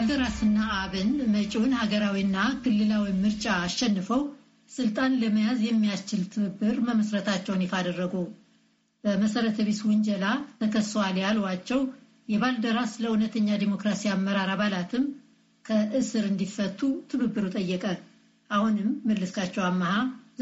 ባልደራስና አብን መጪውን ሀገራዊና ክልላዊ ምርጫ አሸንፈው ስልጣን ለመያዝ የሚያስችል ትብብር መመስረታቸውን ይፋ አደረጉ። በመሰረተ ቢስ ውንጀላ ተከሰዋል ያሏቸው የባልደራስ ለእውነተኛ ዲሞክራሲ አመራር አባላትም ከእስር እንዲፈቱ ትብብሩ ጠየቀ። አሁንም መለስካቸው አመሃ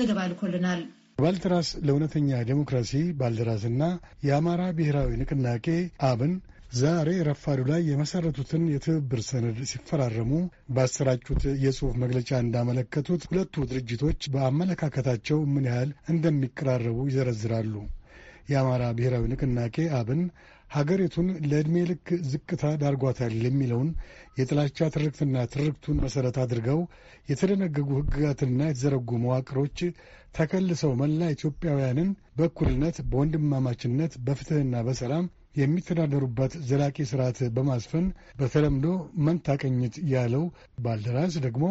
ዘገባ ልኮልናል። ባልደራስ ለእውነተኛ ዲሞክራሲ ባልደራስና የአማራ ብሔራዊ ንቅናቄ አብን ዛሬ ረፋዱ ላይ የመሰረቱትን የትብብር ሰነድ ሲፈራረሙ ባሰራጩት የጽሑፍ መግለጫ እንዳመለከቱት ሁለቱ ድርጅቶች በአመለካከታቸው ምን ያህል እንደሚቀራረቡ ይዘረዝራሉ። የአማራ ብሔራዊ ንቅናቄ አብን ሀገሪቱን ለዕድሜ ልክ ዝቅታ ዳርጓታል የሚለውን የጥላቻ ትርክትና ትርክቱን መሠረት አድርገው የተደነገጉ ሕግጋትና የተዘረጉ መዋቅሮች ተከልሰው መላ ኢትዮጵያውያንን በእኩልነት፣ በወንድማማችነት፣ በፍትሕና በሰላም የሚተዳደሩበት ዘላቂ ስርዓት በማስፈን በተለምዶ መንታ ቅኝት ያለው ባልደራስ ደግሞ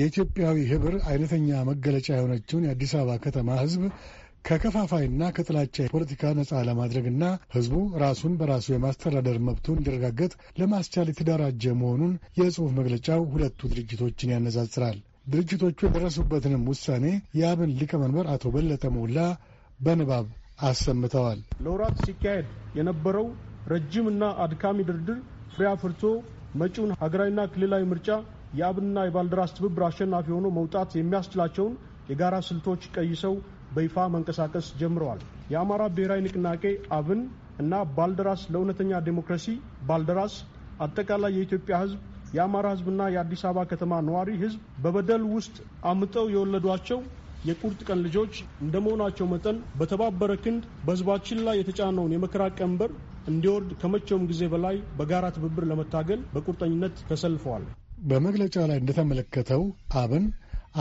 የኢትዮጵያዊ ህብር አይነተኛ መገለጫ የሆነችውን የአዲስ አበባ ከተማ ህዝብ ከከፋፋይና ከጥላቻ ፖለቲካ ነፃ ለማድረግና ህዝቡ ራሱን በራሱ የማስተዳደር መብቱ እንዲረጋገጥ ለማስቻል የተደራጀ መሆኑን የጽሑፍ መግለጫው ሁለቱ ድርጅቶችን ያነጻጽራል። ድርጅቶቹ የደረሱበትንም ውሳኔ የአብን ሊቀመንበር አቶ በለጠ ሞላ በንባብ አሰምተዋል። ለወራት ሲካሄድ የነበረው ረጅምና አድካሚ ድርድር ፍሬ አፍርቶ መጪውን ሀገራዊና ክልላዊ ምርጫ የአብንና የባልደራስ ትብብር አሸናፊ ሆኖ መውጣት የሚያስችላቸውን የጋራ ስልቶች ቀይሰው በይፋ መንቀሳቀስ ጀምረዋል። የአማራ ብሔራዊ ንቅናቄ አብን እና ባልደራስ ለእውነተኛ ዴሞክራሲ ባልደራስ አጠቃላይ የኢትዮጵያ ሕዝብ የአማራ ሕዝብና የአዲስ አበባ ከተማ ነዋሪ ሕዝብ በበደል ውስጥ አምጠው የወለዷቸው የቁርጥ ቀን ልጆች እንደ መሆናቸው መጠን በተባበረ ክንድ በህዝባችን ላይ የተጫነውን የመከራ ቀንበር እንዲወርድ ከመቼውም ጊዜ በላይ በጋራ ትብብር ለመታገል በቁርጠኝነት ተሰልፈዋል። በመግለጫ ላይ እንደተመለከተው አብን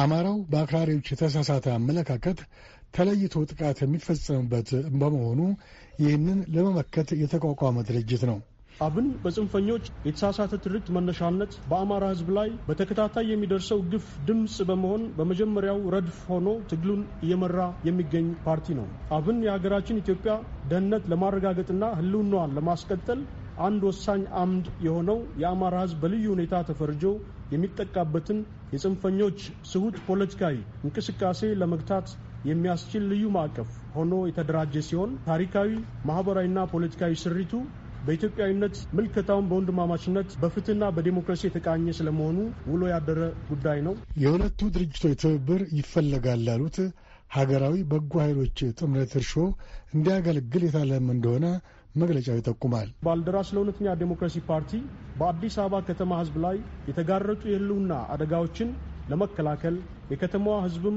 አማራው በአክራሪዎች የተሳሳተ አመለካከት ተለይቶ ጥቃት የሚፈጸምበት በመሆኑ ይህንን ለመመከት የተቋቋመ ድርጅት ነው። አብን በጽንፈኞች የተሳሳተ ትርክት መነሻነት በአማራ ህዝብ ላይ በተከታታይ የሚደርሰው ግፍ ድምፅ በመሆን በመጀመሪያው ረድፍ ሆኖ ትግሉን እየመራ የሚገኝ ፓርቲ ነው። አብን የሀገራችን ኢትዮጵያ ደህንነት ለማረጋገጥና ህልውናዋን ለማስቀጠል አንድ ወሳኝ አምድ የሆነው የአማራ ህዝብ በልዩ ሁኔታ ተፈርጆ የሚጠቃበትን የጽንፈኞች ስሁት ፖለቲካዊ እንቅስቃሴ ለመግታት የሚያስችል ልዩ ማዕቀፍ ሆኖ የተደራጀ ሲሆን ታሪካዊ፣ ማህበራዊና ፖለቲካዊ ስሪቱ በኢትዮጵያዊነት ምልከታውን በወንድማማችነት በፍትህና በዲሞክራሲ የተቃኘ ስለመሆኑ ውሎ ያደረ ጉዳይ ነው። የሁለቱ ድርጅቶች ትብብር ይፈለጋል ላሉት ሀገራዊ በጎ ኃይሎች ጥምረት እርሾ እንዲያገለግል የታለም እንደሆነ መግለጫው ይጠቁማል። ባልደራስ ለእውነተኛ ዴሞክራሲ ፓርቲ በአዲስ አበባ ከተማ ህዝብ ላይ የተጋረጡ የህልውና አደጋዎችን ለመከላከል የከተማዋ ህዝብም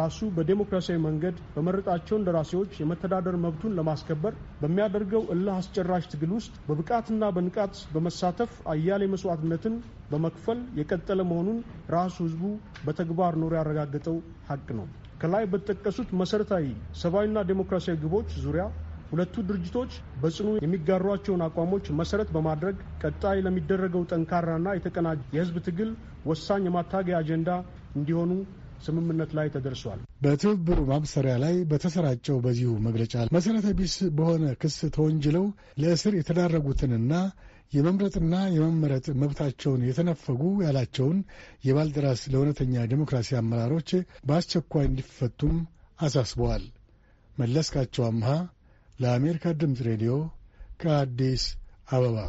ራሱ በዴሞክራሲያዊ መንገድ በመረጣቸው እንደራሴዎች የመተዳደር መብቱን ለማስከበር በሚያደርገው እልህ አስጨራሽ ትግል ውስጥ በብቃትና በንቃት በመሳተፍ አያሌ መስዋዕትነትን በመክፈል የቀጠለ መሆኑን ራሱ ህዝቡ በተግባር ኖሮ ያረጋገጠው ሀቅ ነው። ከላይ በተጠቀሱት መሰረታዊ ሰብአዊና ዴሞክራሲያዊ ግቦች ዙሪያ ሁለቱ ድርጅቶች በጽኑ የሚጋሯቸውን አቋሞች መሰረት በማድረግ ቀጣይ ለሚደረገው ጠንካራና የተቀናጀ የህዝብ ትግል ወሳኝ የማታገያ አጀንዳ እንዲሆኑ ስምምነት ላይ ተደርሷል። በትብብሩ ማብሰሪያ ላይ በተሰራጨው በዚሁ መግለጫ መሠረተ ቢስ በሆነ ክስ ተወንጅለው ለእስር የተዳረጉትንና የመምረጥና የመመረጥ መብታቸውን የተነፈጉ ያላቸውን የባልደራስ ለእውነተኛ ዴሞክራሲ አመራሮች በአስቸኳይ እንዲፈቱም አሳስበዋል። መለስካቸው አምሃ ለአሜሪካ ድምፅ ሬዲዮ ከአዲስ አበባ